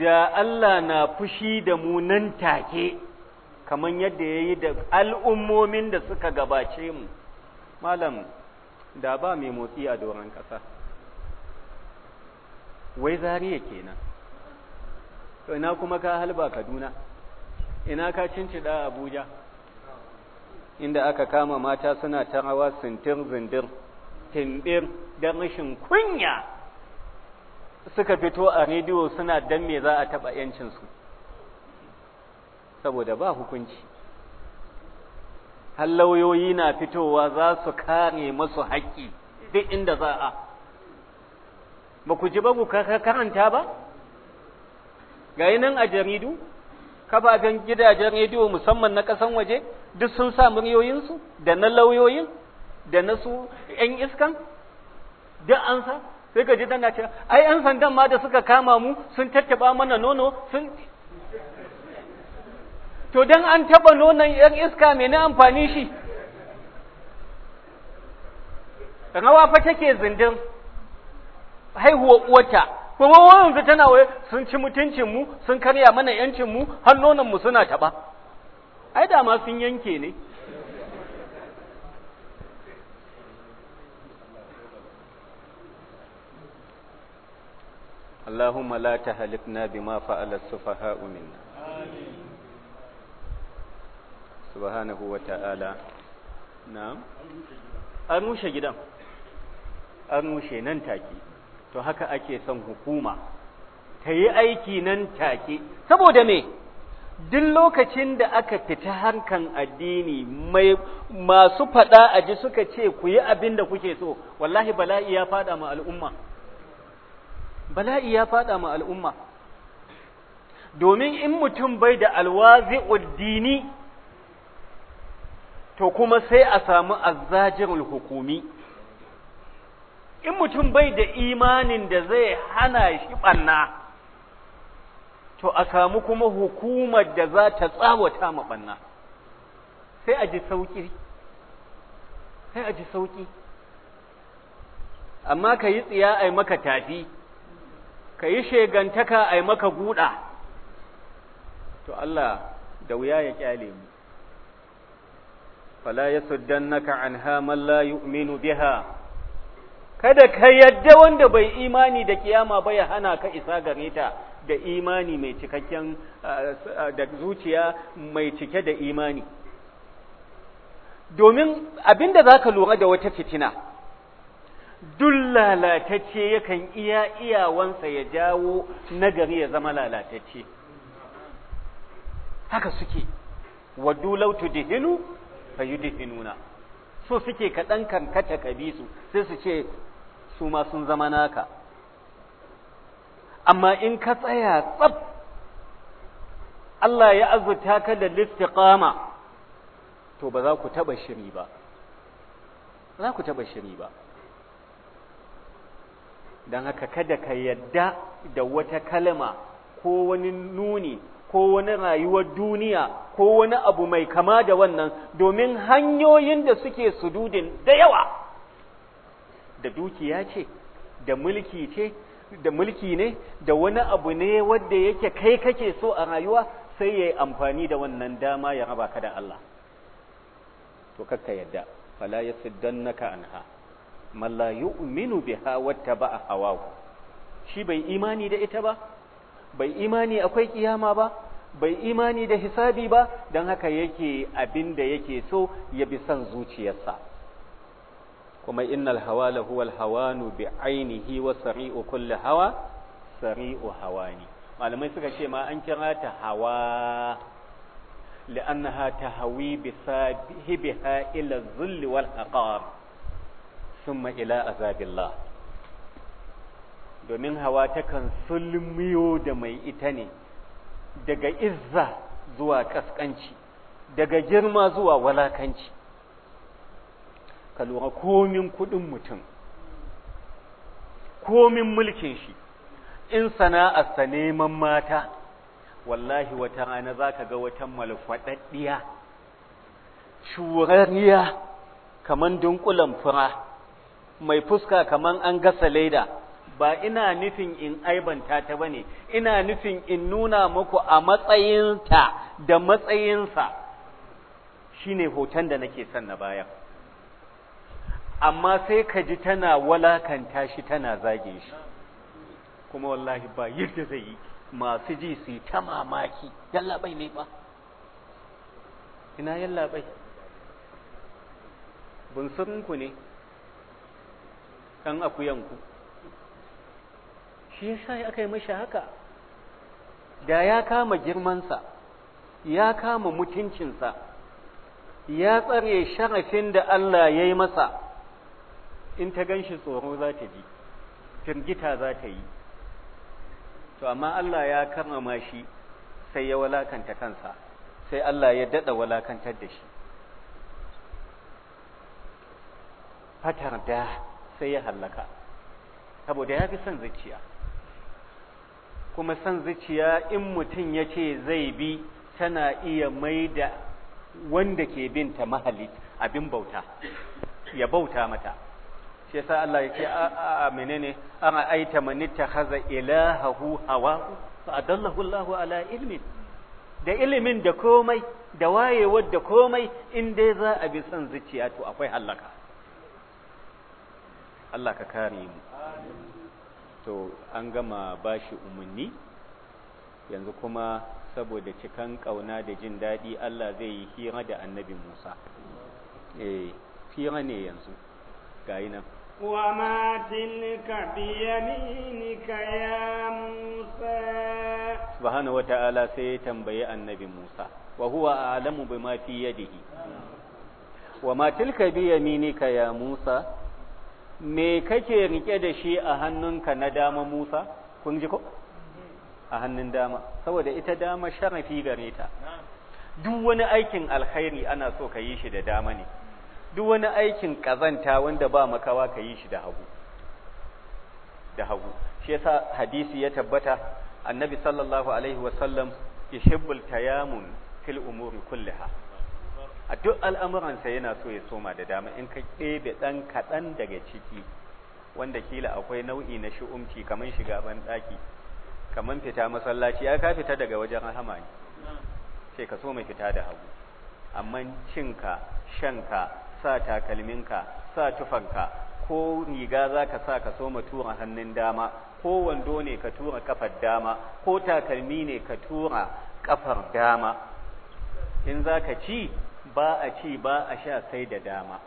da Allah na fushi da mu nan take kamar yadda ya yi da al'ummomin da suka gabace mu malam da ba mai motsi a doron ƙasa wai zariya kenan to ina kuma ka halba kaduna ina ka da abuja inda aka kama mata suna ta rawa sintir zindir tindir da rashin kunya suka fito a rediyo suna dan me za a yancin su saboda ba hukunci har lauyoyi na fitowa za su kare masu haƙƙi duk inda za a ba ku ji ba ku karanta ba ga nan a jaridu kafafen gidajen rediyo musamman na ƙasan waje duk sun sa muryoyinsu da na lauyoyin da na su ‘yan iskan duk an sa sai ka ji tana cewa ai ‘yan sandan ma da suka kama mu sun tattaba mana nono sun to don an taba nonon ‘yan iska mai na amfani shi rawa fa take zindin haihuwa uwata wannan wawanzu tana waye sun ci mutuncin mu sun karya mana yancin mu hannonan mu suna taba ai da ma sun yanke ne اللهم لا تهلكنا بما فعل السفهاء منا سبحانه وتعالى نعم an rushe gidan an nan take to haka ake son hukuma ta yi aiki nan take saboda me duk lokacin da aka fita hankan addini mai masu faɗa a ji suka ce ku yi abin da kuke so wallahi bala'i ya faɗa ma al'umma bala'i ya faɗa ma al'umma domin in mutum bai da alwazi dini to kuma sai a samu azzajirul hukumi in mutum bai da imanin da zai hana shi ɓanna to a samu kuma hukumar da za ta tsawata ma ɓanna sai a ji sauƙi sai a ji sauƙi amma ka yi tsiya a maka tafi ka yi shegantaka a maka guda to Allah da wuya ya kyale mu fala yasuddannaka anha man la yu'minu biha kada ka yadda wanda bai imani da kiyama ba ya hana ka isa gare ta da imani mai cikakken da zuciya mai cike da imani domin abinda za ka lura da wata fitina duk lalatacce yakan iya iyawansa ya jawo nagari ya zama lalatacce haka suke waddu law tudhinu fayudhinuna so suke kaɗan kankata kabisu sai su ce su ma sun zama naka amma in ka tsaya tsab Allah ya azurta ka da listiqama to ba za ku taba shiri ba za ku taba shiri ba don haka kada ka yadda da wata kalma ko wani nuni ko wani rayuwar duniya ko wani abu mai kama da wannan domin hanyoyin da suke sududin da yawa da dukiya ce da mulki ce da mulki ne da wani abu ne wanda yake kai kake so a rayuwa sai yayi amfani da wannan dama ya raba ka da Allah to kakka yadda fala yasiddannaka anha man la yu'minu biha wattaba'a hawahu shi bai imani da ita ba bai imani akwai kiyama ba bai imani da hisabi ba don haka yake abinda da yake so ya bi son zuciyarsa kuma innal hawa la huwa hawanu bi ainihi wa sari'u kulli hawa sari'u hawani malamai suka ce ma an kira ta hawa li'annaha tahawi bi sahibiha ila dhull wal aqar thumma ila azabillah domin hawa takan sulmiyo da mai ita ne daga izza zuwa kaskanci daga girma zuwa walakanci ka lura komin kudin mutum komin mulkin shi in sana'arsa neman mata wallahi wata rana zaka ga wata malfaɗaɗɗiya shurariya kaman dunkulan fura mai fuska kaman an gasa leda ba ina nufin in aibanta ta bane ina nufin in nuna muku a matsayinta da matsayinsa shine hoton da nake son na bayan amma sai ka ji tana walakanta shi tana zage shi kuma wallahi ba yadda zai yi masu ji su yi ta mamaki yallaɓai ne ba ina yallaɓai bunsurinku ne ɗan akuyanku shi yasa aka yi mashi haka da ya kama girmansa ya kama mutuncinsa ya tsare sharafin da Allah ya yi masa in ta gan shi tsoro za ta ji firgita za ta yi to amma Allah ya karnama shi sai ya walakanta kansa sai Allah ya daɗa walakantar da shi fatar da sai ya hallaka saboda ya fi son zuciya kuma son zuciya in mutum ya ce zai bi tana iya mai da wanda ke binta mahalit abin bauta ya bauta mata shi yasa Allah ya ce a menene an aita ta ittakhadha ilahahu hawa fa adallahu Allahu ala ilmin da ilimin da komai da wayewar da komai in dai za a bi san zuciya to akwai halaka Allah ka kare mu to an gama bashi umarni yanzu kuma saboda cikan kauna da jin daɗi Allah zai yi hira da annabi Musa eh hira ne yanzu kayi nan wa ma tilka bi yaminika ya Musa subhanahu ta'ala sai ya tambayi annabi Musa wa huwa a'lamu ma fi yadihi wa ma tilka bi yaminika ya Musa me kake rike da shi a hannunka na dama Musa kun ji ko a hannun dama saboda ita dama sharafi gare ta duk wani aikin alkhairi ana so ka yi shi da dama ne duk wani aikin ƙazanta wanda ba makawa ka yi shi da hagu da hagu shi yasa hadisi ya tabbata annabi sallallahu alaihi wasallam yuhibbul tayamun fil umuri kulliha a duk al'amuransa yana so ya soma da dama in ka ɗebe ɗan kaɗan daga ciki wanda kila akwai nau'i na shi'umci kamar shiga ban ɗaki kamar fita masallaci ya ka fita daga wajen rahama ne sai ka so fita da hagu amma cinka shanka sa takalminka sa tufanka ko riga za ka sa ka soma tura hannun dama ko wando ne ka tura kafar dama ko takalmi ne ka tura kafar dama in za ka ci ba a ci ba a sha sai da dama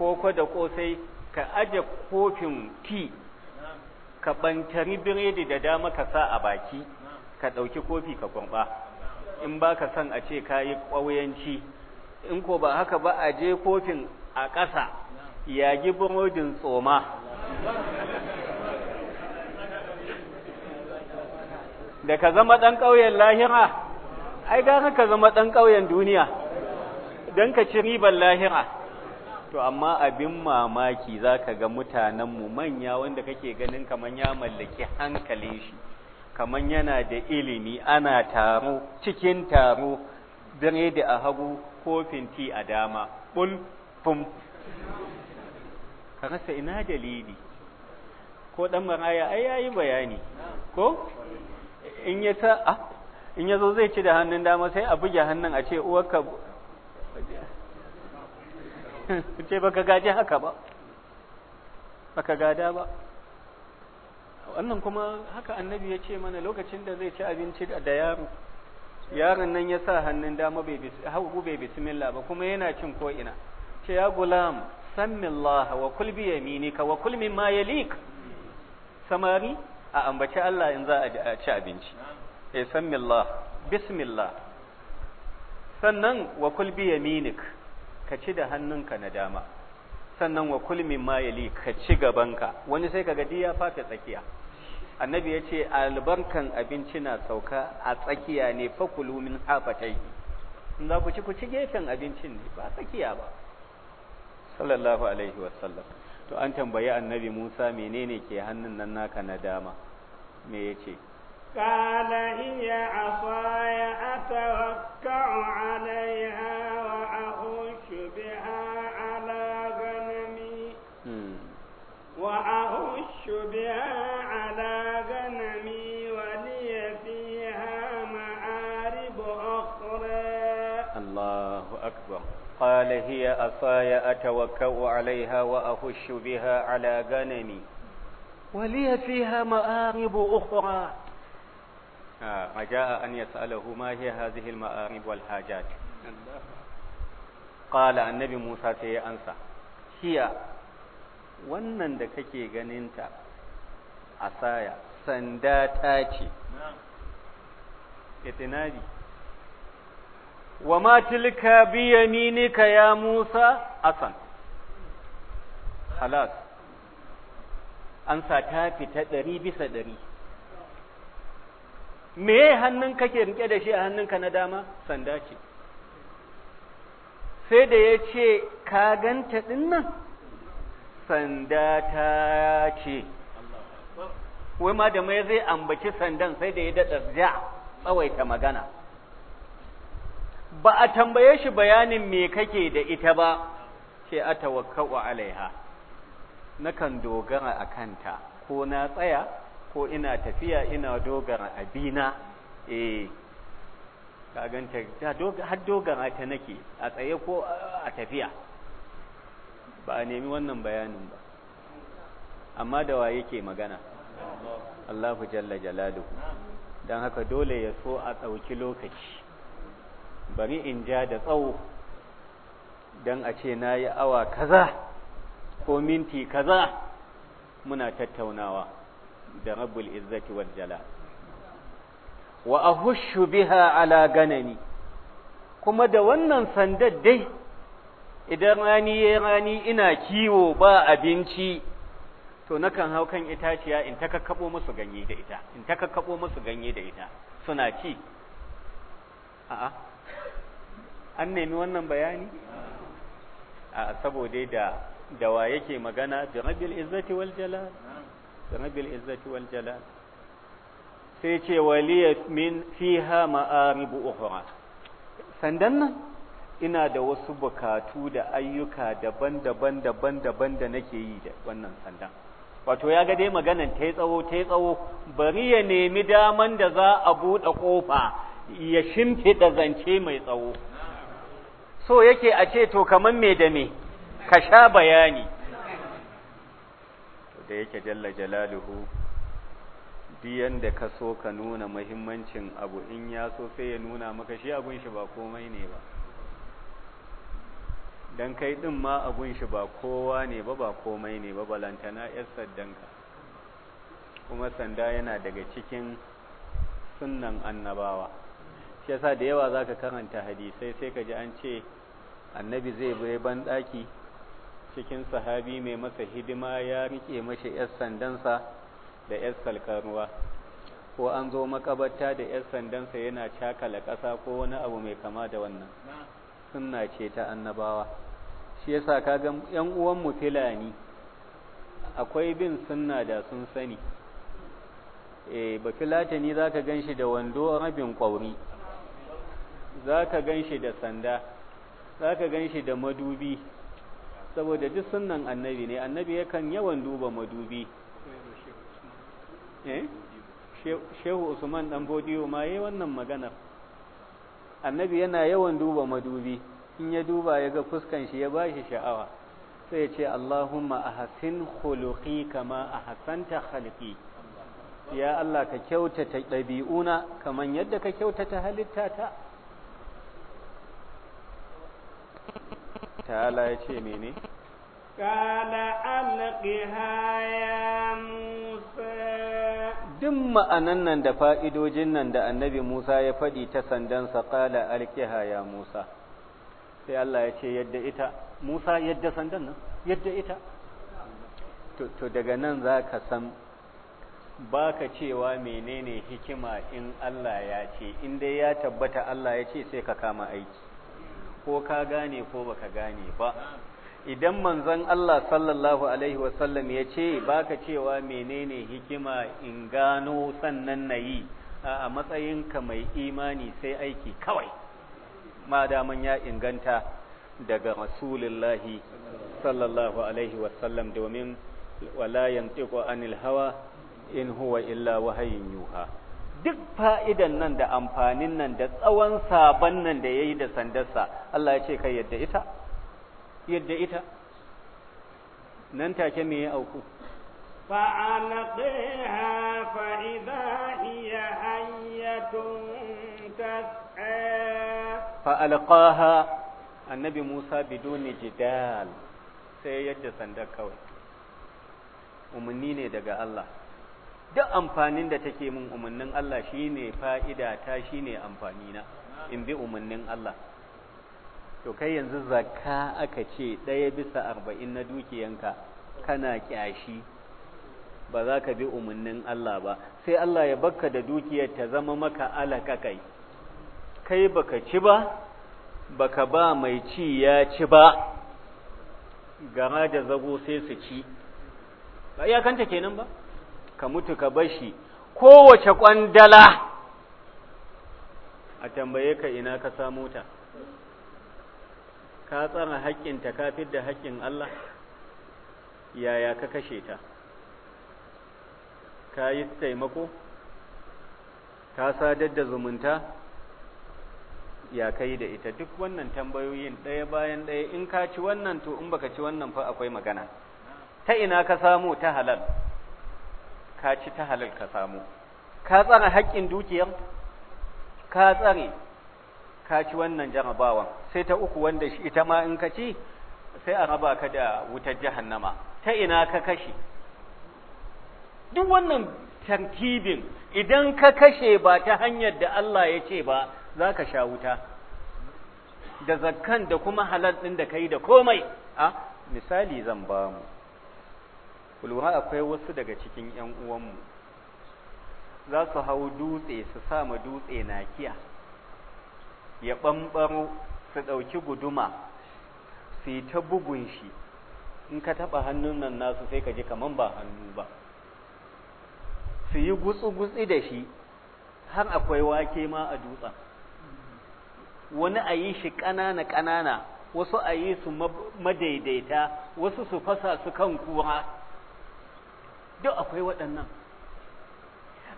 ko kwada kosai ka aje kofin ti ka bantari biredi da dama ka sa a baki ka ɗauki kofi ka kwamba in ba ka son a ce ka yi ƙwauyanci in ko ba haka ba a je kofin a ƙasa yagi burodin tsoma da ka zama ɗan ƙauyen lahira ai gara ka zama ɗan ƙauyen duniya don ka ci ribar lahira to amma abin mamaki za ka ga mutanenmu manya wanda kake ganin kamar ya mallaki hankalin shi kamar yana da ilimi ana taro cikin taro dare da a hagu kofin ti a dama bul fum ka rasa ina dalili ko dan maraya ai yayi bayani ko in ya sa ah, in ya zo zai ci da hannun dama sai a buge hannun a ce uwarka ce baka gaje haka ba baka gada ba wannan kuma haka annabi ya ce mana lokacin da zai ci abinci da yaro yaron nan ya sa hannun dama hagu bai bismillah ba kuma yana cin ko ina ce ya gulam laha wa ya bi yaminika wa kul mimma yalik samari a ambaci Allah in za a ci abinci sammin eh, sammillah bismillah sannan wa kulbi bi yaminik ka ci da hannunka na dama sannan wa kul ma yalik ka ci gabanka wani sai ka gadi ya fafe tsakiya annabi ya ce albarkan abinci na sauka a tsakiya ne fakulu min hafatai in za ku ci ku ci gefen abincin ne ba tsakiya ba sallallahu alaihi wasallam to an tambayi annabi Musa menene ke hannun nan naka na dama me yace qala hiya asaya atawakka'u alaiha wa ahushu biha ala ganami hmm. wa ahushu biha قال هي أفايا أتوكأ عليها وأهش بها على غنمي ولي فيها مآرب أخرى فجاء أن يسأله ما هي هذه المآرب والحاجات قال النبي موسى سي أنسى هي wannan da kake ganinta asaya sanda ta ce itinabi wa ma tilka bi yaminika ya Musa asan halas an sa ta fita ɗari bisa ɗari me hannun kake rike da shi a hannunka na dama sanda ce sai da ya ce ka ganta ɗin nan sanda ta ce wai ma da mai zai ambaci sandan sai da ya daɗa ja tsawaita magana ba a tambaye shi bayanin me kake da ita ba ce atawakkau alaiha nakan dogara a kanta ko na tsaya ko ina tafiya ina dogara abina eh ka ganta har dogara ta nake a tsaye ko a tafiya ba a nemi wannan bayanin ba amma da wa yake magana Allahu jalla jalaluhu dan haka dole ya so a tsauki lokaci bari in ja da tsawo don a ce na yi awa kaza ko minti kaza muna tattaunawa da rabbul izzati wal jala wa ahushu biha ala ganani kuma da wannan sandar dai idan rani ya rani ina kiwo ba abinci to nakan hau kan itaciya in ta kakkabo musu ganye da ita in ta kakkabo musu ganye da ita suna ci a'a an nemi wannan bayani a saboda da da wa yake magana bi rabbil izzati wal jalal bi rabbil izzati wal jalal sai ce waliya min fiha ma'arib ukhra sandan nan ina da wasu bukatu da ayyuka daban-daban daban-daban da nake yi da wannan sandan wato ya ga dai maganan tai tsawo tai tsawo bari ya nemi daman da za a buɗe ƙofa ya shimfiɗa zance mai tsawo so yake a ce to kaman me da me ka sha bayani da yake jalla jalaluhu biyan da ka so ka nuna muhimmancin abu in ya so sai ya nuna maka shi abun shi ba komai ne ba dan kai din ma abun shi ba kowa ne ba ba komai ne ba balantana yar saddanka kuma sanda yana daga cikin sunnan annabawa shi yasa da yawa zaka karanta hadisai sai ka ji an ce annabi zai bai ban daki cikin sahabi mai masa hidima ya rike mashi yar sandansa da yar salkanuwa ko an zo makabarta da yar sandansa yana cakala ƙasa ko wani abu mai kama da wannan sunna ce ta annabawa shi yasa ga yan uwan mu filani akwai bin sunna da sun sani eh ba ka zaka ganshi da wando rabin kwauri zaka shi da sanda za ka gan shi da madubi saboda duk sunan annabi ne annabi yakan yawan duba madubi eh? shehu usman dan bodiyo ma yi wannan maganar annabi yana yawan duba madubi in ya duba ya ga fuskan shi ya ba shi sha'awa sai ya ce allahumma ahsin khuluqi kama ahsanta khalqi ya allah ka kyautata ɗabi'una kaman yadda ka kyautata halitta ta. ta'ala ya ce mene kala alqiha ya musa duk ma'anan nan da fa'idojin nan da annabi Musa ya faɗi ta sandansa kala alkiha ya Musa sai Allah ya ce yadda ita Musa yadda sandan nan yadda ita to daga nan za ka san baka cewa menene hikima in Allah ya ce in dai ya tabbata Allah ya ce sai ka kama aiki ko ka gane ko baka gane ba idan manzon Allah sallallahu alaihi wasallam ya ce baka cewa menene hikima in gano sannan nayi a matsayinka mai imani sai aiki kawai madaman ya inganta daga rasulullahi sallallahu alaihi wasallam domin wala yantiqu anil hawa in huwa illa wahayin yuha duk fa'idan nan da amfanin nan da tsawon sabon nan da ya yi da sandarsa Allah ya ce kai yadda ita yadda ita nan take me ya auku فألقيها فإذا هي حية تسعى annabi Musa موسى بدون جدال sai yadda sandar kawai umarni ne daga Allah duk amfanin da take min umarnin Allah shi ne, fa'ida ta shine amfani na in bi umarnin Allah to kai yanzu zakka aka ce ɗaya bisa arba'in na dukiyanka kana kyashi ba za ka bi umarnin Allah ba sai Allah ya bakka da dukiyar ta zama maka alaƙa kai kai baka ci ba baka ba mai ci ya ci ba gara da zago sai su ci ba iyakanta kenan ba ka mutu ka bar shi kowace kwandala a tambaye ka ina ka samu ta ka tsara haƙƙin ta ka fidda haƙƙin Allah yaya ka kashe ta ka yi taimako ka sadar da zumunta ya kai da ita duk wannan tambayoyin ɗaya bayan ɗaya in ka ci wannan to in baka ci wannan fa akwai magana ta ina ka samu ta halal ka ci ta halal ka samu ka tsare haƙƙin dukiyar ka tsare ka ci wannan jarabawan sai ta uku wanda shi ita ma in ka ci sai a raba ka da wutar jahannama ta ina ka kashe duk wannan tarkibin idan ka kashe ba ta hanyar da Allah ya ce ba za ka sha wuta da zakkan da kuma halal ɗin da ka yi da komai a misali zan ba mu kulwa akwai wasu daga cikin ‘yan uwanmu za su hau dutse su ma dutse nakiya ya ɓanɓaro su ɗauki guduma su yi ta bugun shi in ka taɓa hannun nan nasu sai ka ji kaman ba hannu ba su yi gutsu-gutsi da shi har akwai wake ma a dutsen wani a yi shi ƙanana-ƙanana wasu a yi su madaidaita wasu su fasa su kan kura duk akwai waɗannan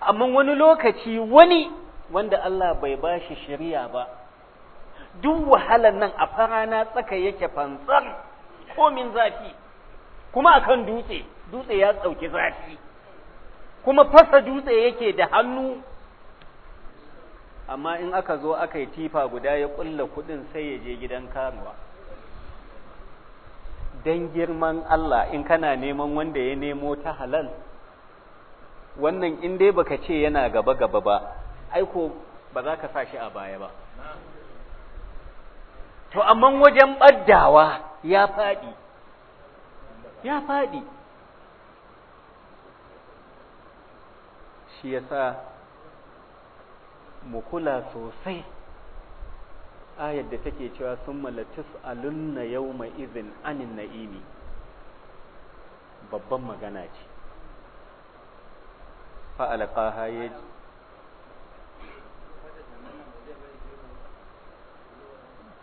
amma wani lokaci wani wanda Allah bai ba shi shari'a ba duk wahalan nan a fara na tsaka yake fantsar komin zafi kuma akan dutse dutse ya tsauki zafi kuma fasa dutse yake da hannu amma in aka zo aka yi tifa guda ya ƙulla kuɗin sai ya je gidan karuwa don girman Allah in kana neman wanda ya nemo ta halal wannan in dai baka ce yana gaba-gaba ba aiko ba za ka sa shi a baya ba to amma wajen baddawa ya faɗi ya faɗi shi ya sa mu kula sosai ayar da take cewa sun malatus alunna yau mai izin anin na'imi babban magana ce fa'alƙaha ya ji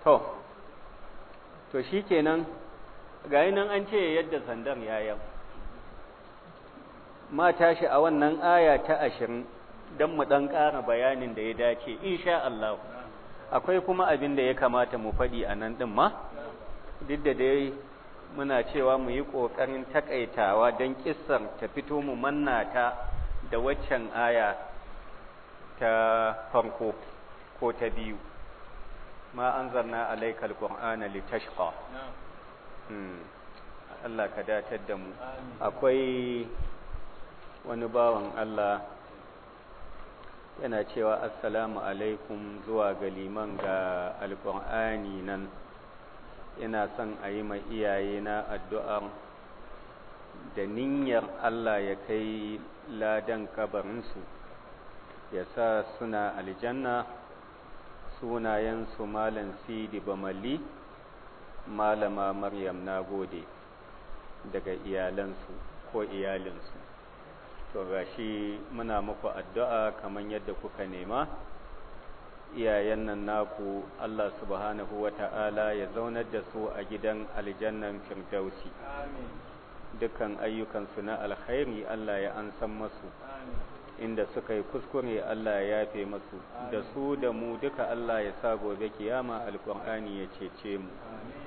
to to shi kenan gayi nan an ce yadda sandar yayan Ma shi a wannan aya ta ashirin don mu ɗan ƙara bayanin da ya dace insha Allah akwai kuma abin da ya kamata mu faɗi a nan ɗin ma duk da dai muna cewa mu yi ƙoƙarin taƙaitawa don ƙisar ta fito mu manna ta da waccan aya ta farko ko ta biyu ma an zarna alaikal ƙur'ana hmm. Allah ka datar da mu akwai wani bawan Allah yana cewa assalamu alaikum zuwa ga liman ga alkur'ani nan ina son a yi ma na addu'ar da niyyar Allah ya kai ladan kabarinsu ya sa suna aljanna sunayensu malam sidi bamali malama maryam na gode daga iyalansu ko iyalinsu to gashi muna muku addu'a kamar yadda kuka nema iyayen nan naku Allah subhanahu wa ta'ala ya zaunar da su a gidan aljannan firdausi dukkan ayyukansu na alkhairi Allah ya an san masu inda suka yi kuskure Allah ya yafe masu da su da mu duka Allah ya sa gobe kiyama alkur'ani ya cece mu